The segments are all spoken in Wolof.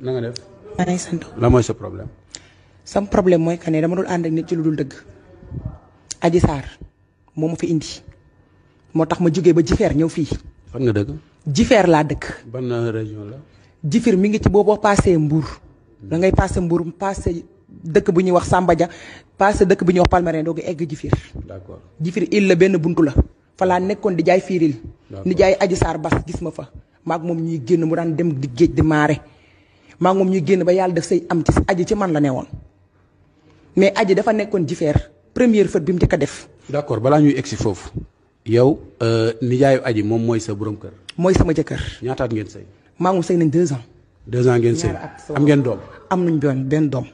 na nga def. maa mooy sa problème. sam problème mooy que ne dama dul ànd ak nit ci lu dul dëgg. Adji Sarr moo ma fi indi moo tax ma jóge ba Jifeer ñëw fii. fan nga dëkk. Jifeer laa dëkk. ban euh, région la. Jifeer mi ngi ci boo boo paasee Mbour. da ngay paase Mbour paase dëkk bu ñuy wax Samba Dia paase dëkk bu ñuy wax Palmarin doo ko egg Jifeer. d'accord Jifeer la benn buntu la. falaa nekkoon di jaay fiiril. ni jaay Adji Sarr bas gis ma fa. maag moom ñuy génn mu daan dem di géej di maare. maa moom ñu génn ba yàlla def say am ci aji ci man la ne woon mais aji dafa nekkoon jifeer première fët bi mu njëkk a def. d'accord balaa ñuy egsi foofu. yow euh, nijaayu aji moom mooy sa borom kër. mooy sama jëkkër. ñaataat ngeen sëy. maa moom nañ deux ans. deux ans ngeen sëy am ngeen doom. am nañ benn benn doom.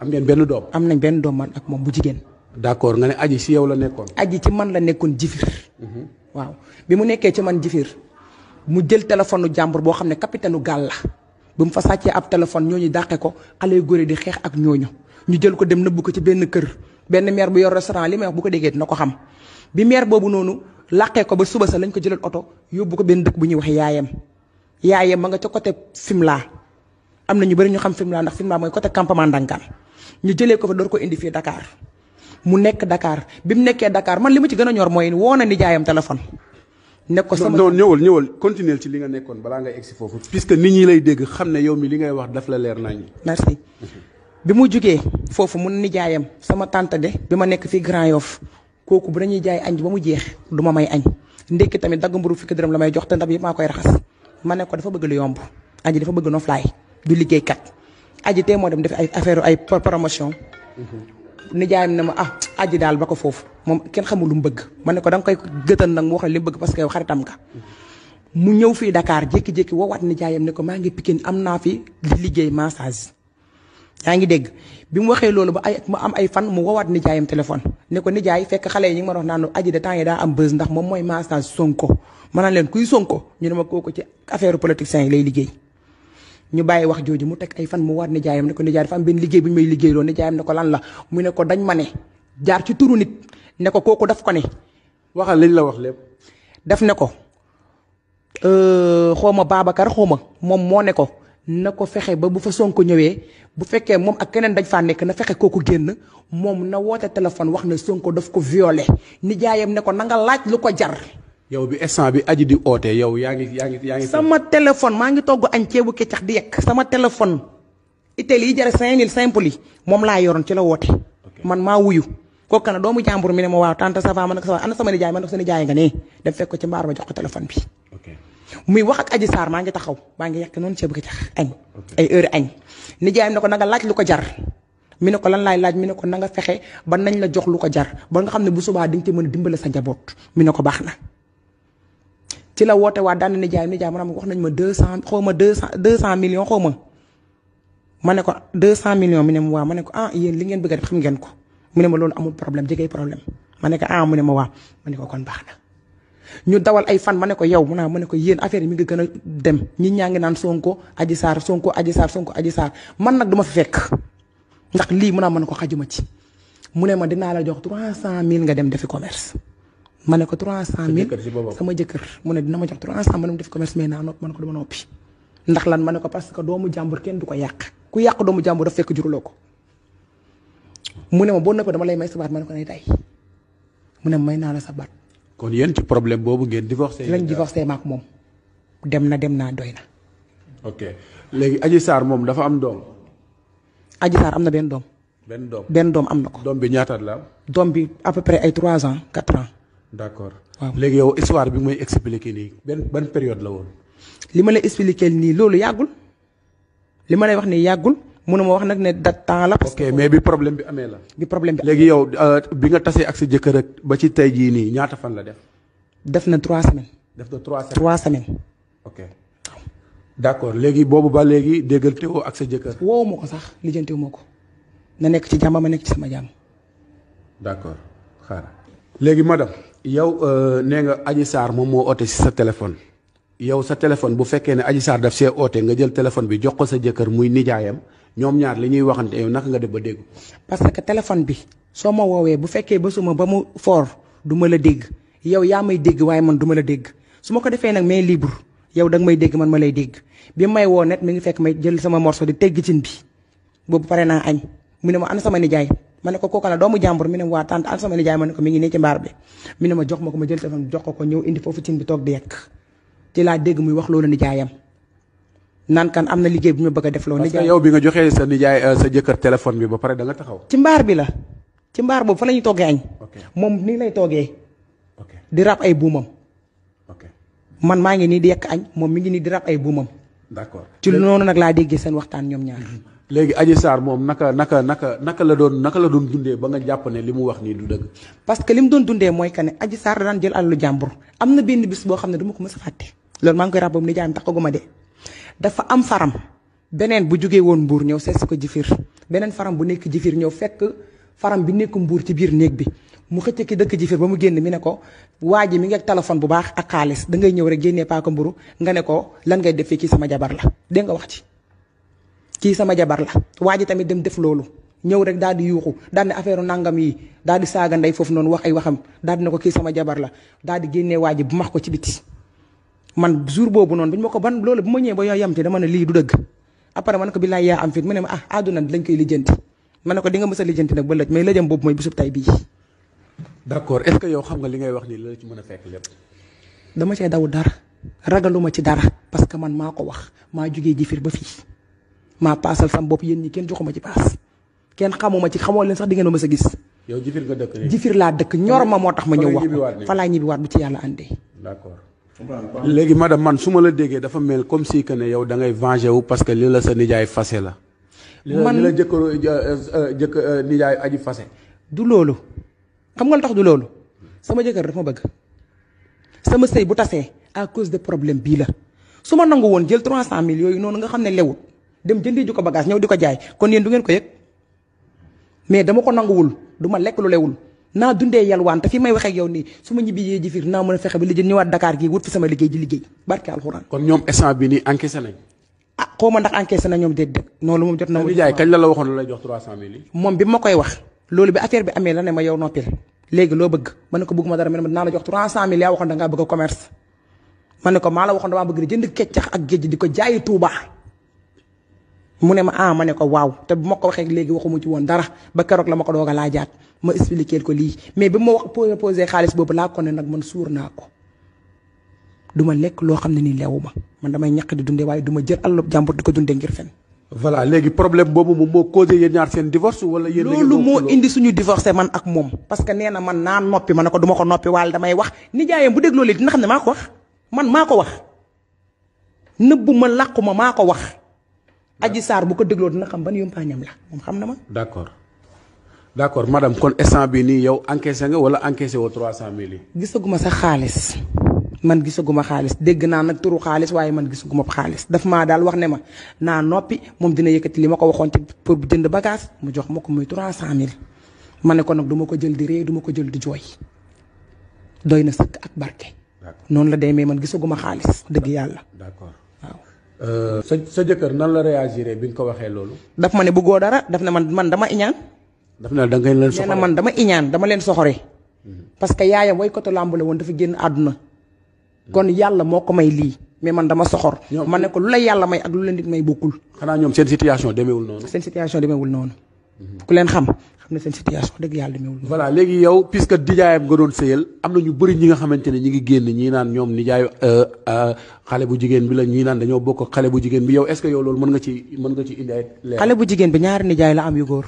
am ngeen benn doom. am nañ benn doom man ak moom bu jigéen. d'accord nga ne aji si yow la nekkoon. aji ci man la nekkoon jifir. Mhm. waaw bi mu nekkee ci man jifir mu jël téléphone jàmbur boo xam ne capitaine u gaal la. bi mu fa sàccee ab téléphone ñooñu dàqe ko xale yu góor di xeex ak ñooñu ñu jël ko dem nëbbu ko ci benn kër benn maire bu yor restaurant li may wax bu ko déggee dina ko xam bi maire boobu noonu làqee ko ba suba sa lañ ko jëlal oto yóbbu ko benn dëkk bu ñuy wax yaayam yaayam ma nga ca côté Fimela am na ñu bëri ñu xam Fimela ndax Fimela mooy côté campement Ndangaan ñu jëlee ko fa door ko indi fii Dakar mu nekk Dakar bi mu nekkee dakaar man li ma ci gën a ñor mooy woo na nijaayam téléphone ne ko sama non ñëwal ñëwal continuer ci li nga nekkoon balaa ngay egsi foofu puisque nit ñi lay dégg xam ne yow mi li ngay wax daf la leer nañu. merci bi mu jógee foofu mun nijaayam sama tante de bi ma nekk fii Grand Yoff kooku bu dañuy jaay añ ba mu jeex du ma may añ ndekki tamit dagg mburu fukki dërëm la may jox te ndab yi maa koy raxas ma ne ko dafa bëgg lu yomb aj dafa bëgg noflaay du liggéeykat aji tey moo dem def ay affaire ay promotion. Mm-hmm. nijaayam ne ma ah aji daal ba ko foofu moom kenn xamul lu mu bëgg ma ne ko da nga koy gëtal nag mu wax la li mu bëgg parce que xaritam nga mu ñëw fii Dakar jékki-jékki woowaat nijaayam ne ko maa ngi Pikine am naa fi liggéey massage yaa ngi dégg bi mu waxee loolu ba ay mu am ay fan mu woowaat nijaayam téléphone ne ko nijaay fekk xale yi ñu ngi ma wax naan aji de temps yi daa am bës ndax moom mooy massage Sonko ma naan leen kuy Sonko ñu ne ma kooku ci affaire politicien yi lay liggéey ñu bàyyi wax jooju mu teg ay fan mu war nijaayam ne ko nijaay dafa am benn liggéey bu ñu nijaayam ne ko lan la mu ne ko dañ ma ne jaar ci turu nit ne ko kooku daf ko ne. waxal lañ la wax lépp. def ne ko euh, xaw ma Babacar xaw ma moom moo ne ko na ko fexe ba bu fa sonk ñëwee bu fekkee moom ak keneen dañ faa nekk na fexe kooku génn moom na woote téléphone wax na Sonko daf ko violé nijaayam ne ko na laaj lu ko jar. yow bi instant bi aji di oote yow yaa ngi yaa ngi yaa ngi. sama téléphone maa ngi togg añ ceebu kecax di yekk sama téléphone. itali yi jar 5000 simple yi moom laa yoroon ci la woote. man maa wuyu. kooku nag doomu jàmbur mi ne ma waaw tante ça va man ak ça va sama nijaay man ak nga ne dem fekk ko ci mbaar ma bi. muy wax ak saar maa ngi taxaw maa ngi yekk noonu ceebu kecax añ. ay heure añ. nijaayam ko nanga laaj lu ko jar. mi ne ko lan laay laaj mi ne ko na nga fexe ba nañ la jox lu ko jar ba nga xam ne bu subaa di nga ci mën a dimbale sa njaboot mi ne ko baax na ci la woote waat daan na nijaay nijaay ma wax nañ ma deux cent xaw ma deux cent deux cent millions xaw ma. ma ne ko deux cent million mi ne ma waaw ma ko ah yéen li ngeen bëgg a def ko mu ne ma loolu amul problème jege problème ma ne ko ah mu ne ma ma ne ko kon baax na. ñu dawal ay fan ma ne ko yow mun naa ma ne ko yéen affaire mi ngi gën a dem ñi ñaa ngi naan Sonko Adji Sarr Sonko Adji Sarr Sonko aji Sarr man nag du ma fi fekk ndax lii mun naa ma ne ko xajuma ci mu ne ma dinaa la jox trois cent mille nga dem defi commerce. ma ne ko 300000 sama jëkkër mu ne dina ma jox 300 ma dem def commerce mais naa nopp ma ne ko dama noppi ndax lan ma ne ko parce que doomu jàmbur kenn du ko yàq ku yàq doomu jàmbur daf fekk juruloo ko mu ne ma boo noppee dama lay may sa baat ma ne tay mu ne ma may naa la sa baat. kon yéen ci problème boobu ngeen divorcé. lañ divorcé maak moom dem na dem naa doy na. léegi Adji Sarr moom dafa am doom. Adji Sarr am na benn doom. benn doom benn doom am na ko. doom bi ñaataat la am. bi à peu près ay 3 ans 4 d' accord léegi yow histoire bi muy expliqué nii benn ban période la woon. li ma lay expliqué nii loolu yàggul li ma lay wax nii yàggul ma wax nag ne date temps la. parce que mais bi problème bi amee la. bi problème bi léegi yow euh, bi nga tasee ak sa jëkkër ak ba ci tey jii nii ñaata fan la def. def na trois semaines. def na trois semaines trois semaines. ok d' accord léegi boobu ba léegi déggal teewoo ak sa jëkkër. woowu ma sax lijjantiwu ko na nekk ci jàmm ma nekk ci sama jàmm. d' accord xaaral léegi yow euh, nee nga Adji Sarr moom moo oote si sa téléphone yow sa téléphone bu fekkee ne Adji Sarr daf see oote nga jël téléphone bi jox ko sa jëkkër muy nijaayam ñoom ñaar li ñuy waxante yow naka nga def ba dégg. parce que téléphone bi soo ma woowee bu fekkee ba suma ba mu foor duma la dégg yow yaa may dégg waaye man du ma la dégg su ma ko defee nag mais libre yow danga may dégg man ma lay dégg bi may woo net mi ngi fekk may jël sama morso di tegg cin bi boobu pare naa añ mu ne ma ana sama nijaay. ma ne ko kooka la doomu jàmbur mi ne an sama nijaay ma ne ko mi ngi nii ci mbaar bi ma jox ma ko ma jël téléphone jox ko ko ñëw indi foofu cin bi toog di yekk ci laa dégg muy wax loolu nijaayam naan kan am na liggéey bi ñu bëgg a def loolu. nijaay yow bi nga joxee sa nijaay euh, sa jëkkër téléphone bi ba pare da taxaw. ci mbaar bi la ci mbaar boobu la ñuy toggee añ. moom nii lay toogee. di ay buumam. man maa ngi nii di yekk añ moom mi ngi nii di ay buumam. d'accord ci noonu nag laa déggee seen waxtaan ñoom ñaar mhm. léegi Adji saar moom naka naka naka naka la doon naka la doon dundee ba nga jàpp ne li mu wax nii du dëgg. parce que li mu doon dundee mooy que ne Adji Sarr daan jël alalu jàmbur am na benn bis boo xam ne du ko mës a fàtte loolu maa ngi koy ràbb ni tax ko guma de dafa am faram beneen bu jugee woon mbuur ñëw sees ko jifir beneen faram bu nekk jifir ñëw fekk faram bi nekk mbuur ci biir néeg bi mu xëcc ki dëkk jifir ba mu génn mi ne ko waa ji mi ngi téléphone bu baax ak xaalis dangay ñëw rek génnee paaka mburu nga ne ngay def fii sama jabar la dégg nga wax ci kii sama jabar la waa ji tamit dem def loolu ñëw rek daal di yuuxu daal ne affaire nangam yi daal di saaga ndey foofu noonu wax ay waxam daal di ne ko kii sama jabar la daal di génnee waa ji bu max ko ci biti. man jour boobu noonu bu ñu ma ko ban loolu bu ma ñëwee ba yoo yam ci dama lii du dëgg après ma ne ko billaay yaa am fit mu ah, koy lijjanti ma ne ko di nga mës a lijjanti nag ba lëj mais lëjam boobu mooy bisub tay bii. d'accord est-ce que xam nga li ngay wax nii la ci mën a fekk lépp. dama cee daw dara ragaluma ci dara parce que man maa ko wax maa jugee jifir ba fii maa paasal sam bopp yéen ñi kenn joxuma ci paas kenn xamuma ci xamoo leen sax di ngeen ma mës gis. yow jifir nga dëkk laa dëkk ñor ma moo tax ma ñëw wax fa laay ñibbiwaat bu ci yàlla àndee. d'accord léegi madame man su ma la déggee dafa mel comme si que ne yow da ngay venger wu parce que li la sa nijaay fase la. man li la jëkkëru jëkk euh, nijaay aji fase. du loolu xam nga lu tax du loolu sama jëkkër dafa ma bëgg sama sëy bu tasee à cause de problème bii la su ma nangu woon jël 300000 yooyu noonu nga xam ne lewut dem jëndi ju ko bagage ñëw di ko jaay kon yéen du ngeen ko yëg mais dama ko nanguwul du lekk lu lewul naa dundee yalwaan te fi may waxee ak yow nii su ma ñibbi yee ji fiir naa mën a fexe ba lijjën Dakar gii wut fi sama liggéey ji liggéey barke alxuraan. kon ñoom instant bi nii encaissé nañ. ah xaw ndax encaissé na noonu moom jot na. la la waxoon lu lay jox 300000 yi. moom bi ma koy wax loolu bi affaire bi amee la ne ma yow noppil léegi loo bëgg ma ne ko bëgguma dara ma ne ma dinaa la jox 300000 yaa waxoon da ngaa bëgg commerce ma ne ko maa la waxoon damaa bëgg di jënd di ko jaayi Touba mu ne ma ah ma ne ko waaw te bu ma ko waxee léegi waxuma ci woon dara ba keroog la ma ko doog a jaat ma expliqué ko lii mais bi ma wax proposé xaalis boobu laa ko ne nag man suur naa ko du ma lekk loo xam ne nii leewu ma man damay ñaq di dundee waaye du ma jël alal di ko dundee ngir fen voilà problème boobu moom moo causé yéen ñaar seen divorce wala yéen loolu moo indi suñu divorcé man ak moom parce que nee na man naa noppi ma ne ko du ko noppi wala damay wax nijaayam bu dégg loolu dina xam ne maa ko wax man maa ko wax nëbbu ma làqu ma maa ko wax Adji saar bu ko dégloo dina xam ban yumpaañam la moom xam na ma. d' accord d' accord kon instant bi nii yow encaissé nga wala encaissé woo 300000 yi. gisaguma sax xaalis man gisaguma xaalis dégg naa nag turu xaalis waaye man gisaguma xaalis daf maa daal wax ne ma naa noppi moom dina yëkkati li ma ko waxoon ci pour jënd bagaas mu jox ma ko muy 300000 ma ne ko nag duma ko jël di ree duma ko jël di jooy doy na sëkk ak barke. noonu la demee man gisaguma xaalis dëgg yàlla. d' accord. Euh, sa sa jëkkër nan la réagir bi nga ko waxee loolu. daf ma ne bëggoo dara daf ne man man dama iñaan. daf ne da ngeen leen soxore nee na man dama iñaan dama leen soxore. Mhm. parce que yaayam woykatu làmb la woon dafa génn àdduna. kon yàlla moo ko may lii mais man dama soxor. man ne ko lu la yàlla may ak lu leen nit may bokkul. xanaa ñoom seen situation demeewul noonu. seen situation demeewul noonu. ku leen xam xam ne seen situation dëgg yàlla demewul. voilà léegi yow puisque nijaayam nga doon sëyal am na ñu bëri ñi nga xamante ne ñi ngi génn ñii naan ñoom nijaayu euh, euh, xale bu jigéen bi la ñii naan dañoo bokk xale bu jigéen bi yow est-ce que yow loolu mën nga ci nga ci indi bu jigéen bi ñaari nijaay la am yu góor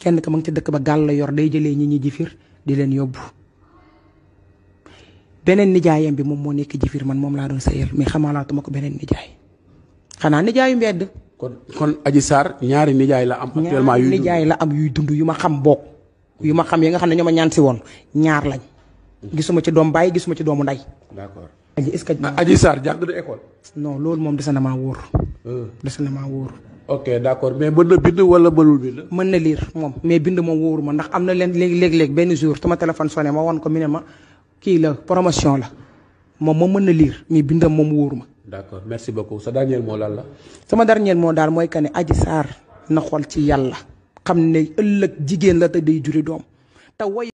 kenn ka ma ngi ci dëkk ba gàll la yor day jëlee ñi ñi jifir di leen yóbbu beneen nijaayam bi moom moo nekk jifir man moom laa doon sëyal mais xamalaatuma ko beneen nijaay xanaa nijaayu mbedd kon kon Adji Sarr ñaari nijaay la am. actuellement yuy la am yuy dund yu ma xam bokk yu ma xam yi nga xam ne ñoo ma ñaan si woon ñaar lañ. gisuma ci doom bàyyi gisuma ci doomu ndey. d'accord est-ce que. Ah, Adji Sarr jàng na école. loolu moom dese na maa wóor. Euh. dese na maa wóor. ok d'accord mais mën na bind wala mënul bind. mën na lire moom mais bind ma wóoru ma ndax am na leen léegi léeg-léeg benn jour sama téléphone sonné ma won ko mi ne ma kii la promotion la moom ma mën na lire mais bindam moom wóoru ma. d'accord merci beaucoup sa dernier mot lan la. sama dernier moo daal mooy que ne Adji Sarr na xool ci yàlla xam ne ëllëg jigéen la te day juri doom te woy